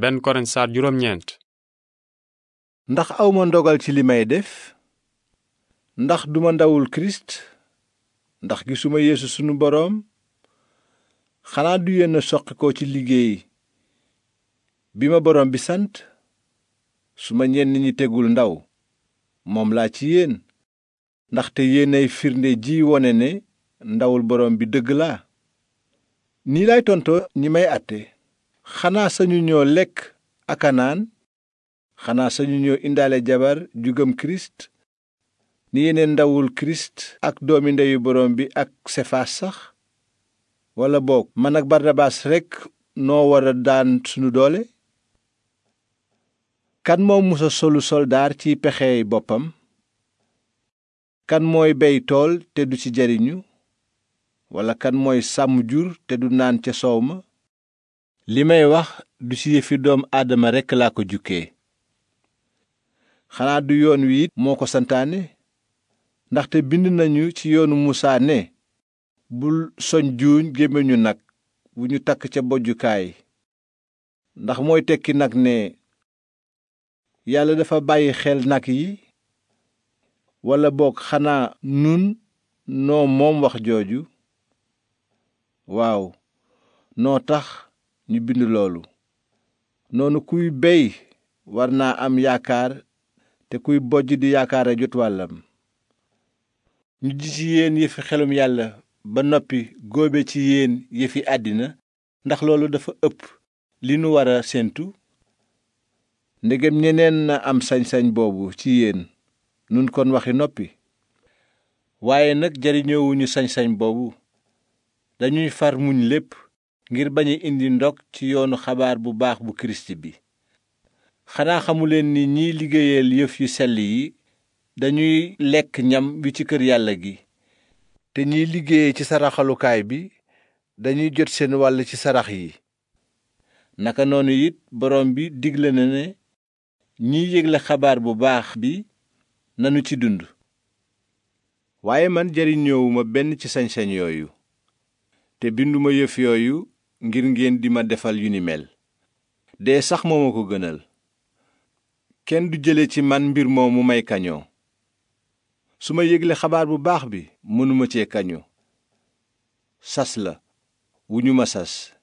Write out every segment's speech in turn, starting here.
benn Korint saar juróom ndax awma ndogal ci li may def ndax duma ndawul kirist ndax gisuma yeesu sunu boroom xanaa du yéen soqikoo ci liggéey bi ma boroom bi sant su ma ñenn ñi tegul ndaw moom laa ci yéen ndaxte yéenay firnde ji wone ne ndawul boroom bi dëgg laa nii lay tontoo ñi may àtte xanaa sañu ñoo lekk ak naan xanaa sañu ñoo indaale jabar ju gëm kirist ni yeneen ndawul kirist ak doomi ndeyu borom bi ak sefaas sax walla boog man ak barnabaas rekk noo wara daan suñu doole kan moo musa solu soldaar ci pexey boppam kan mooy bey tool te du ci jariñu walla kan mooy sàmm jur te du naan ca soow ma li may wax du ci yëfi doom aadama rekk laa ko jukkee xanaa du yoon wi moo ko santaane ndaxte bind nañu ci yoonu Musaa ne bul soñ juuñ gémmiñu nag bu ñu takk ca bojjukaay ndax mooy tekki nag ne yàlla dafa bàyyi xel nag yi walla boog xanaa nun noo moom wax jooju waaw noo tax ñu bind loolu noonu kuy bey war naa am yaakaar te kuy bojj di yaakaara jot wàllam ñu ji ci yéen yëfi xelum yàlla ba noppi góobe ci yéen yëfi àddina ndax loolu dafa ëpp li nu war a séentu ndegem ñeneen na am sañsañ boobu ci yéen nun kon waxi noppi waaye nag jariñoowuñu sañsañ boobu dañuy far muñ lépp ngir bañ indi ndog ci yoonu xabaar bu baax bu kirist bi xanaa xamuleen ni ñiy liggéeyal yëf yu sell yi dañuy lekk ñam wi ci kër yàlla gi te ñiy liggéeye ci saraxalukaay bi dañuy jot seen wàll ci sarax yi naka noonu it borom bi digle na ne ñiy yégle xabaar bu baax bi nanu ci dund waaye man jariñoowuma benn ci sañ-sañ yooyu te binduma yëf yooyu ngir ngeen di ma defal yu ni mel dee sax moo ma ko gënal kenn du jële ci man mbir moomu may kañoo su ma yégle xabaar bu baax bi mënuma cee kañu sas la wu ñu ma sas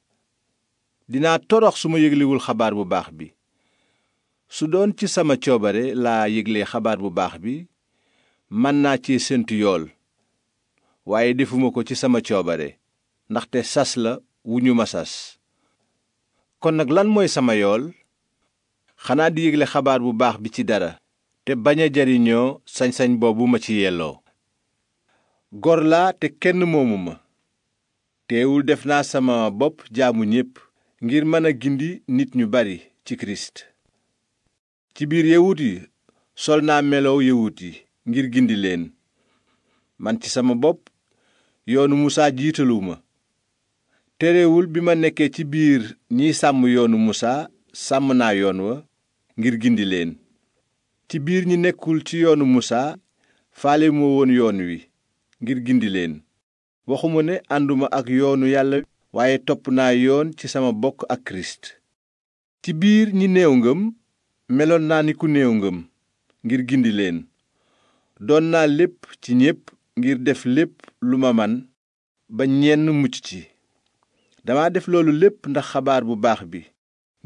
dinaa torox su ma yéglewul xabaar bu baax bi su doon ci sama coobare laa yéglee xabaar bu baax bi mën naa ci séntu yool waaye defuma ko ci sama coobare ndaxte sas la wu ñu ma sas kon nag lan mooy sama yool xanaa di yégle xabaar bu baax bi ci dara te bañ a jariñoo sañ-sañ boobu ma ci yelloo gor laa te kenn moomu ma teewul def naa sama bopp jaamu ñépp ngir mën a gindi nit ñu bari ci kirist ci biir yawut yi sol naa melow yawut yi ngir gindi leen man ci sama bopp yoonu musaa jiitalu ma terewul bi ma nekkee ci biir ñi sàmm yoonu musaa sàmm naa yoon wa ngir gindi leen ci biir ñi nekkul ci yoonu musaa faale woon yoon wi ngir gindi leen waxuma ne ànduma ak yoonu yàlla waaye topp naa yoon ci sama bokk ak kirist ci biir ñi néew ngëm meloon naa ni ku néew ngëm ngir gindi leen doon naa lépp ci ñépp ngir def lépp lu ma man ba ñenn mucc ci dama def loolu lépp ndax xabaar bu baax bi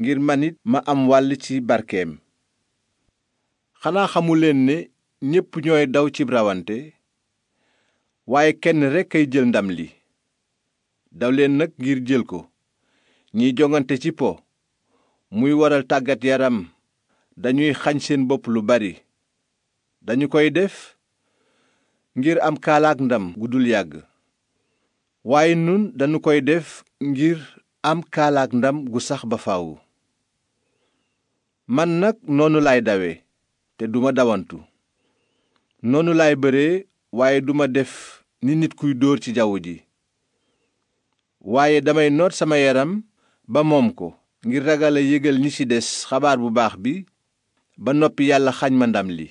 ngir man it ma am wàll ci barkeem xanaa xamuleen ne ñépp ñooy daw ci rawante waaye kenn rekk ay jël ndam li daw leen nag ngir jël ko ñiy jongante ci po muy waral tàggat yaram dañuy xañ seen bopp lu bari dañu koy def ngir am kaalaak ndam gu dul yàgg waaye nun dañu koy def ngir am kaalaak ndam gu sax ba faw man nag noonu laay dawe te duma dawantu noonu laay bëree waaye duma def ni nit kuy dóor ci jaww ji waaye damay noot sama yaram ba moom ko ngir ragal a yégal ñi ci des xabaar bu baax bi ba noppi yàlla xañ ma ndam li